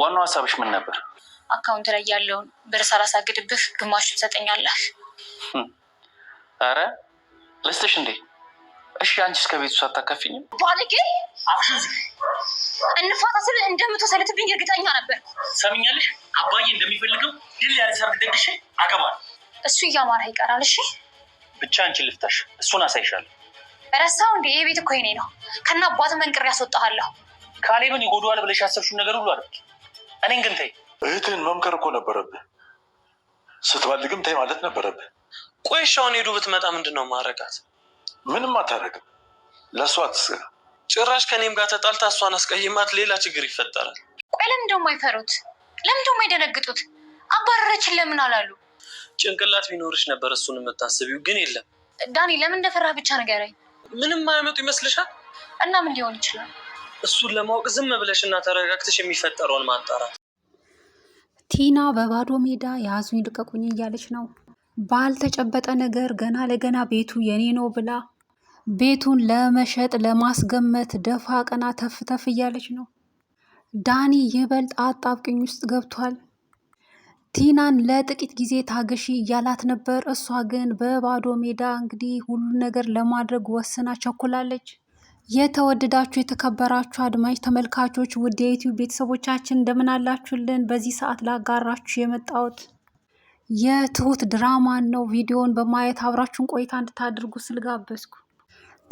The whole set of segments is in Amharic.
ዋናው ሀሳብሽ ምን ነበር? አካውንት ላይ ያለውን ብር ሳላሳግድብህ ግማሹ ትሰጠኛለህ። አረ ልስጥሽ እንዴ? እሺ አንቺ እስከ ቤቱ ሳታካፊኝም ግን እንፋታ ስል እንደምትወሰልትብኝ እርግጠኛ ነበር። ሰምኛለሽ፣ አባዬ እንደሚፈልገው ድል ያለ ሰርግ ደግሼ አገባል። እሱ እያማረህ ይቀራል። እሺ ብቻ አንቺ ልፍታሽ፣ እሱን አሳይሻለሁ። ረሳው እንዴ? የቤት እኮ የኔ ነው። ከና አባት መንቅር ያስወጣሃለሁ። ካሌብን ይጎዳዋል ብለሽ ያሰብሽውን ነገር ሁሉ አደርግ እኔን ግን ተይ። እህትህን መምከር እኮ ነበረብህ። ስትባልግም ተይ ማለት ነበረብህ። ቆይ እሺ፣ አሁን ሄዱ ብትመጣ ምንድን ነው ማረጋት? ምንም አታረግም። ለእሷ አትስጋ። ጭራሽ ከእኔም ጋር ተጣልታ እሷን አስቀይማት ሌላ ችግር ይፈጠራል። ቆይ ለምን ደሞ አይፈሩት? ለምን አይደነግጡት? አባረረችን ለምን አላሉ? ጭንቅላት ቢኖርሽ ነበር እሱን የምታስቢው፣ ግን የለም። ዳኒ፣ ለምን እንደፈራህ ብቻ ንገረኝ። ምንም ማያመጡ ይመስልሻል? እና ምን ሊሆን ይችላል እሱን ለማወቅ ዝም ብለሽ እና ተረጋግተሽ የሚፈጠረውን ማጣራት። ቲና በባዶ ሜዳ ያዙኝ ልቀቁኝ እያለች ነው። ባልተጨበጠ ነገር ገና ለገና ቤቱ የኔ ነው ብላ ቤቱን ለመሸጥ ለማስገመት ደፋ ቀና ተፍተፍ እያለች ነው። ዳኒ ይበልጥ አጣብቅኝ ውስጥ ገብቷል። ቲናን ለጥቂት ጊዜ ታገሺ እያላት ነበር። እሷ ግን በባዶ ሜዳ እንግዲህ ሁሉ ነገር ለማድረግ ወስና ቸኩላለች። የተወደዳችሁ የተከበራችሁ አድማጭ ተመልካቾች ውድ የዩቲዩብ ቤተሰቦቻችን እንደምን አላችሁልን? በዚህ ሰዓት ላጋራችሁ የመጣሁት የትሁት ድራማን ነው። ቪዲዮውን በማየት አብራችሁን ቆይታ እንድታደርጉ ስልጋበዝኩ።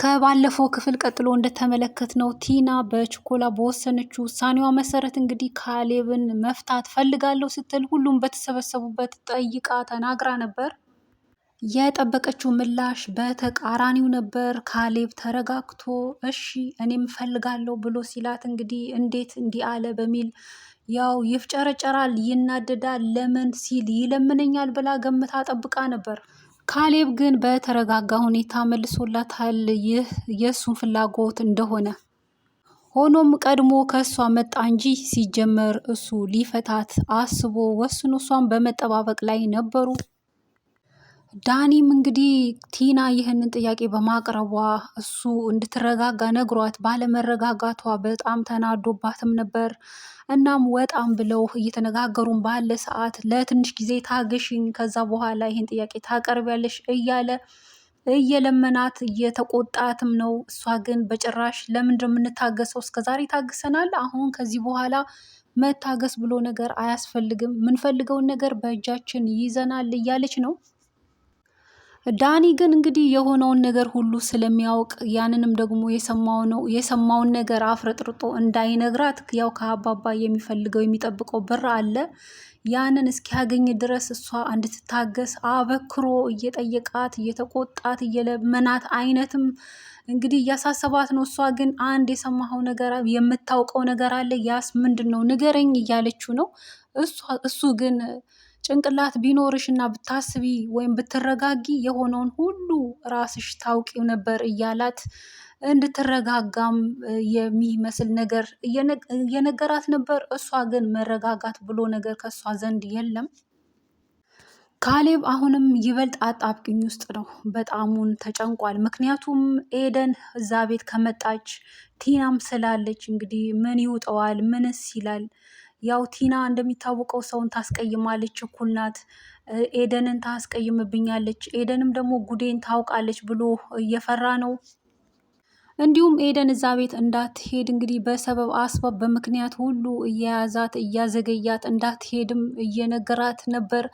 ከባለፈው ክፍል ቀጥሎ እንደተመለከት ነው ቲና በችኮላ በወሰነችው ውሳኔዋ መሰረት እንግዲህ ካሌብን መፍታት ፈልጋለሁ ስትል ሁሉም በተሰበሰቡበት ጠይቃ ተናግራ ነበር። የጠበቀችው ምላሽ በተቃራኒው ነበር። ካሌብ ተረጋግቶ እሺ እኔም ፈልጋለሁ ብሎ ሲላት እንግዲህ እንዴት እንዲህ አለ በሚል ያው ይፍጨረጨራል፣ ይናደዳል፣ ለምን ሲል ይለምነኛል ብላ ገምታ ጠብቃ ነበር። ካሌብ ግን በተረጋጋ ሁኔታ መልሶላታል ይህ የእሱን ፍላጎት እንደሆነ ሆኖም ቀድሞ ከእሷ መጣ እንጂ ሲጀመር እሱ ሊፈታት አስቦ ወስኖ እሷን በመጠባበቅ ላይ ነበሩ። ዳኒም እንግዲህ ቲና ይህንን ጥያቄ በማቅረቧ እሱ እንድትረጋጋ ነግሯት ባለመረጋጋቷ በጣም ተናዶባትም ነበር። እናም ወጣም ብለው እየተነጋገሩን ባለ ሰዓት ለትንሽ ጊዜ ታግሽኝ፣ ከዛ በኋላ ይህን ጥያቄ ታቀርቢያለሽ እያለ እየለመናት እየተቆጣትም ነው። እሷ ግን በጭራሽ ለምን ነው እስከዛሬ ታግሰናል። አሁን ከዚህ በኋላ መታገስ ብሎ ነገር አያስፈልግም። የምንፈልገውን ነገር በእጃችን ይዘናል እያለች ነው ዳኒ ግን እንግዲህ የሆነውን ነገር ሁሉ ስለሚያውቅ ያንንም ደግሞ የሰማውን ነገር አፍረጥርጦ እንዳይነግራት ያው ከአባባ የሚፈልገው የሚጠብቀው ብር አለ። ያንን እስኪያገኝ ድረስ እሷ እንድትታገስ አበክሮ እየጠየቃት እየተቆጣት እየለመናት አይነትም እንግዲህ እያሳሰባት ነው። እሷ ግን አንድ የሰማኸው ነገር የምታውቀው ነገር አለ፣ ያስ ምንድን ነው ንገረኝ እያለችው ነው እሱ ግን ጭንቅላት ቢኖርሽ እና ብታስቢ ወይም ብትረጋጊ የሆነውን ሁሉ ራስሽ ታውቂው ነበር እያላት እንድትረጋጋም የሚመስል ነገር እየነገራት ነበር። እሷ ግን መረጋጋት ብሎ ነገር ከእሷ ዘንድ የለም። ካሌብ አሁንም ይበልጥ አጣብቅኝ ውስጥ ነው። በጣሙን ተጨንቋል። ምክንያቱም ኤደን እዛ ቤት ከመጣች ቲናም ስላለች እንግዲህ ምን ይውጠዋል? ምንስ ይላል? ያው ቲና እንደሚታወቀው ሰውን ታስቀይማለች፣ እኩል ናት። ኤደንን ታስቀይምብኛለች፣ ኤደንም ደግሞ ጉዴን ታውቃለች ብሎ እየፈራ ነው። እንዲሁም ኤደን እዛ ቤት እንዳትሄድ እንግዲህ በሰበብ አስባብ በምክንያት ሁሉ እየያዛት እያዘገያት እንዳትሄድም እየነገራት ነበር።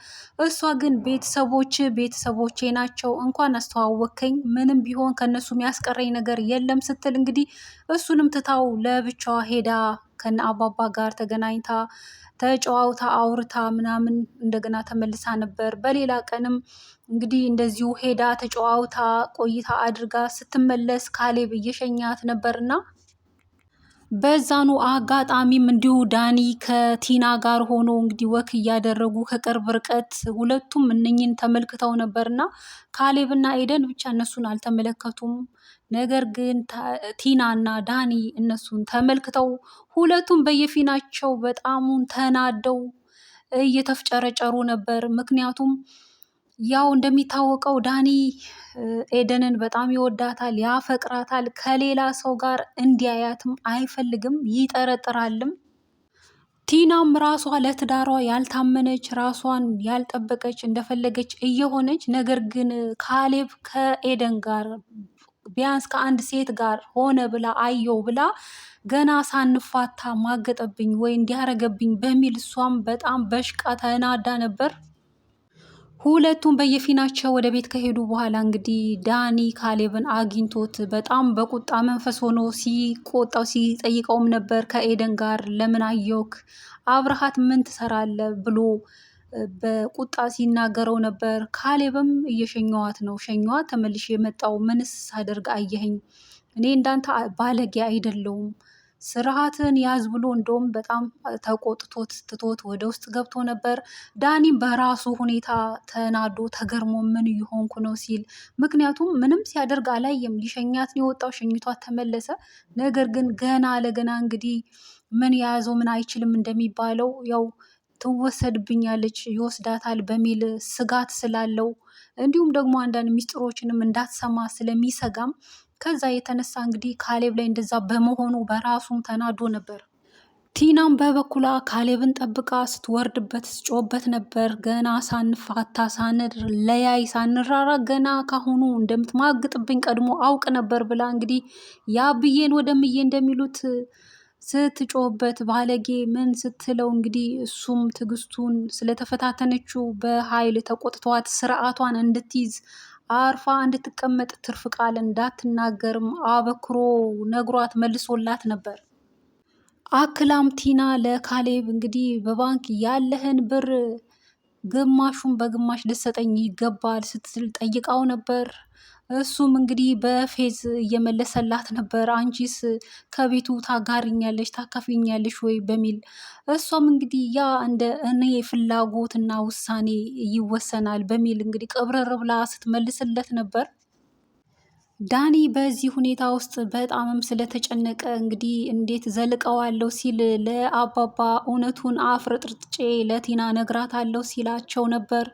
እሷ ግን ቤተሰቦች ቤተሰቦቼ ናቸው እንኳን አስተዋወከኝ ምንም ቢሆን ከነሱ የሚያስቀረኝ ነገር የለም ስትል እንግዲህ እሱንም ትታው ለብቻዋ ሄዳ ከነ አባባ ጋር ተገናኝታ ተጨዋውታ አውርታ ምናምን እንደገና ተመልሳ ነበር። በሌላ ቀንም እንግዲህ እንደዚሁ ሄዳ ተጨዋውታ ቆይታ አድርጋ ስትመለስ ካሌብ እየሸኛት ነበርና በዛኑ አጋጣሚም እንዲሁ ዳኒ ከቲና ጋር ሆኖ እንግዲህ ወክ እያደረጉ ከቅርብ ርቀት ሁለቱም እነኝን ተመልክተው ነበርና ካሌብና ኤደን ብቻ እነሱን አልተመለከቱም። ነገር ግን ቲና እና ዳኒ እነሱን ተመልክተው ሁለቱም በየፊናቸው በጣሙን ተናደው እየተፍጨረጨሩ ነበር። ምክንያቱም ያው እንደሚታወቀው ዳኒ ኤደንን በጣም ይወዳታል፣ ያፈቅራታል። ከሌላ ሰው ጋር እንዲያያትም አይፈልግም፣ ይጠረጥራልም። ቲናም ራሷ ለትዳሯ ያልታመነች ራሷን ያልጠበቀች እንደፈለገች እየሆነች ነገር ግን ካሌብ ከኤደን ጋር ቢያንስ ከአንድ ሴት ጋር ሆነ ብላ አየው ብላ ገና ሳንፋታ ማገጠብኝ ወይ እንዲያረገብኝ በሚል እሷም በጣም በሽቃ ተናዳ ነበር። ሁለቱም በየፊናቸው ወደ ቤት ከሄዱ በኋላ እንግዲህ ዳኒ ካሌብን አግኝቶት በጣም በቁጣ መንፈስ ሆኖ ሲቆጣው ሲጠይቀውም ነበር። ከኤደን ጋር ለምን አየውክ? አብርሃት ምን ትሰራለ ብሎ በቁጣ ሲናገረው ነበር። ካሌብም እየሸኘዋት ነው። ሸኘዋት ተመልሽ የመጣው ምንስ ሳደርግ አየኸኝ? እኔ እንዳንተ ባለጌ አይደለውም ስርዓትን ያዝ ብሎ እንደውም በጣም ተቆጥቶት ትቶት ወደ ውስጥ ገብቶ ነበር። ዳኒም በራሱ ሁኔታ ተናዶ ተገርሞ ምን እየሆንኩ ነው ሲል፣ ምክንያቱም ምንም ሲያደርግ አላየም። ሊሸኛት ነው የወጣው፣ ሸኝቷት ተመለሰ። ነገር ግን ገና ለገና እንግዲህ ምን የያዘው ምን አይችልም እንደሚባለው ያው ትወሰድብኛለች፣ ይወስዳታል በሚል ስጋት ስላለው እንዲሁም ደግሞ አንዳንድ ሚስጥሮችንም እንዳትሰማ ስለሚሰጋም ከዛ የተነሳ እንግዲህ ካሌብ ላይ እንደዛ በመሆኑ በራሱም ተናዶ ነበር። ቲናም በበኩሏ ካሌብን ጠብቃ ስትወርድበት ስጮበት ነበር። ገና ሳንፋታ ሳንር ለያይ ሳንራራ ገና ካሁኑ እንደምትማግጥብኝ ቀድሞ አውቅ ነበር ብላ እንግዲህ ያብዬን ወደምዬ እንደሚሉት ስትጮህበት ባለጌ ምን ስትለው እንግዲህ እሱም ትዕግስቱን ስለተፈታተነችው በኃይል ተቆጥተዋት ስርዓቷን እንድትይዝ አርፋ እንድትቀመጥ ትርፍ ቃል እንዳትናገርም አበክሮ ነግሯት መልሶላት ነበር። አክላም ቲና ለካሌብ እንግዲህ በባንክ ያለህን ብር ግማሹን በግማሽ ልትሰጠኝ ይገባል ስትል ጠይቃው ነበር። እሱም እንግዲህ በፌዝ እየመለሰላት ነበር። አንቺስ ከቤቱ ታጋርኛለሽ ታካፊኛለሽ ወይ በሚል እሷም እንግዲህ ያ እንደ እኔ ፍላጎትና ውሳኔ ይወሰናል በሚል እንግዲህ ቅብርር ብላ ስትመልስለት ነበር። ዳኒ በዚህ ሁኔታ ውስጥ በጣምም ስለተጨነቀ እንግዲህ እንዴት ዘልቀዋለሁ ሲል ለአባባ እውነቱን አፍረጥርጬ ለቲና ነግራታለሁ ሲላቸው ነበር።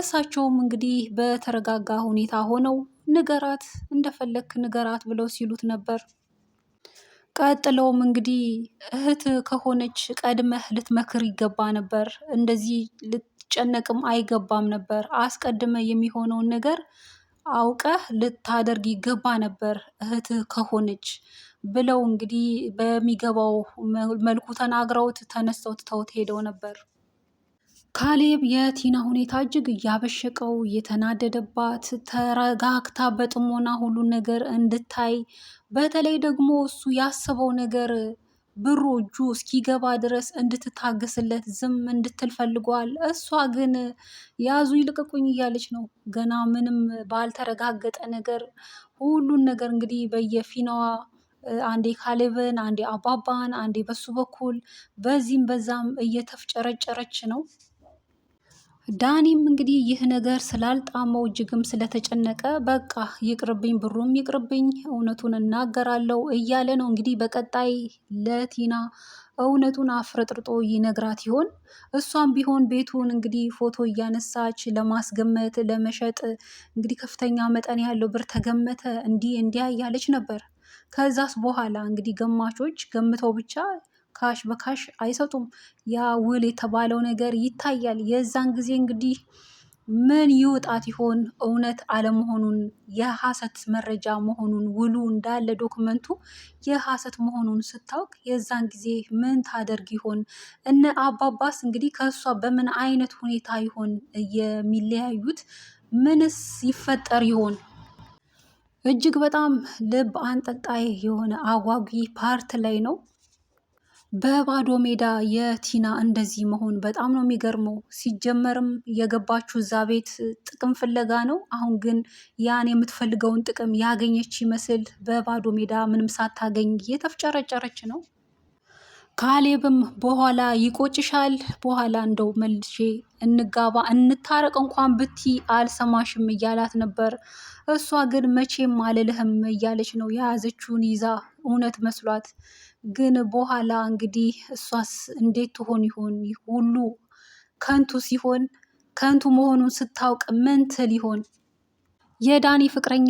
እሳቸውም እንግዲህ በተረጋጋ ሁኔታ ሆነው ንገራት እንደፈለክ ንገራት ብለው ሲሉት ነበር። ቀጥለውም እንግዲህ እህት ከሆነች ቀድመህ ልትመክር ይገባ ነበር፣ እንደዚህ ልትጨነቅም አይገባም ነበር። አስቀድመ የሚሆነውን ነገር አውቀህ ልታደርግ ይገባ ነበር እህት ከሆነች ብለው እንግዲህ በሚገባው መልኩ ተናግረውት ተነስተው ትተውት ሄደው ነበር። ካሌብ የቲና ሁኔታ እጅግ እያበሸቀው እየተናደደባት ተረጋግታ በጥሞና ሁሉን ነገር እንድታይ በተለይ ደግሞ እሱ ያሰበው ነገር ብሩ እጁ እስኪገባ ድረስ እንድትታገስለት ዝም እንድትል ፈልጓል። እሷ ግን ያዙ ይልቀቁኝ እያለች ነው። ገና ምንም ባልተረጋገጠ ነገር ሁሉን ነገር እንግዲህ በየፊናዋ አንዴ ካሌብን፣ አንዴ አባባን፣ አንዴ በሱ በኩል በዚህም በዛም እየተፍጨረጨረች ነው። ዳኒም እንግዲህ ይህ ነገር ስላልጣመው እጅግም ስለተጨነቀ በቃ ይቅርብኝ፣ ብሩም ይቅርብኝ፣ እውነቱን እናገራለሁ እያለ ነው እንግዲህ በቀጣይ ለቲና እውነቱን አፍረጥርጦ ይነግራት ይሆን? እሷም ቢሆን ቤቱን እንግዲህ ፎቶ እያነሳች ለማስገመት ለመሸጥ እንግዲህ ከፍተኛ መጠን ያለው ብር ተገመተ እንዲህ እንዲያ እያለች ነበር። ከዛስ በኋላ እንግዲህ ገማቾች ገምተው ብቻ ካሽ በካሽ አይሰጡም። ያ ውል የተባለው ነገር ይታያል። የዛን ጊዜ እንግዲህ ምን ይውጣት ይሆን? እውነት አለመሆኑን የሐሰት መረጃ መሆኑን ውሉ እንዳለ ዶክመንቱ የሐሰት መሆኑን ስታውቅ የዛን ጊዜ ምን ታደርግ ይሆን? እነ አባባስ እንግዲህ ከእሷ በምን አይነት ሁኔታ ይሆን የሚለያዩት? ምንስ ይፈጠር ይሆን? እጅግ በጣም ልብ አንጠልጣይ የሆነ አጓጊ ፓርት ላይ ነው። በባዶ ሜዳ የቲና እንደዚህ መሆን በጣም ነው የሚገርመው። ሲጀመርም የገባችሁ እዛ ቤት ጥቅም ፍለጋ ነው። አሁን ግን ያን የምትፈልገውን ጥቅም ያገኘች ይመስል በባዶ ሜዳ ምንም ሳታገኝ እየተፍጨረጨረች ነው። ካሌብም በኋላ ይቆጭሻል፣ በኋላ እንደው መልሼ እንጋባ እንታረቅ እንኳን ብቲ አልሰማሽም እያላት ነበር። እሷ ግን መቼም አልልህም እያለች ነው የያዘችውን ይዛ እውነት መስሏት። ግን በኋላ እንግዲህ እሷስ እንዴት ትሆን ይሆን? ሁሉ ከንቱ ሲሆን ከንቱ መሆኑን ስታውቅ ምን ትል ይሆን? የዳኒ ፍቅረኛ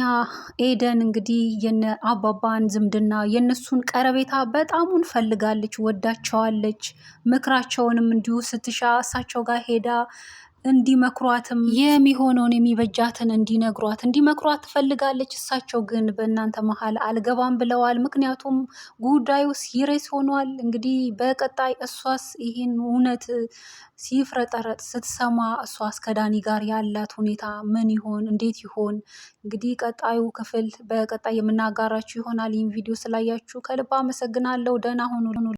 ኤደን እንግዲህ የነ አባባን ዝምድና የነሱን ቀረቤታ በጣሙን ፈልጋለች፣ ወዳቸዋለች። ምክራቸውንም እንዲሁ ስትሻ እሳቸው ጋር ሄዳ እንዲመክሯትም የሚሆነውን የሚበጃትን እንዲነግሯት እንዲመክሯት ትፈልጋለች። እሳቸው ግን በእናንተ መሀል አልገባም ብለዋል። ምክንያቱም ጉዳዩ ሲሬስ ሆኗል። እንግዲህ በቀጣይ እሷስ ይህን እውነት ሲፍረጠረጥ ስትሰማ እሷስ ከዳኒ ጋር ያላት ሁኔታ ምን ይሆን? እንዴት ይሆን? እንግዲህ ቀጣዩ ክፍል በቀጣይ የምናጋራችሁ ይሆናል። ይህም ቪዲዮ ስላያችሁ ከልብ አመሰግናለሁ። ደህና ሁኑ።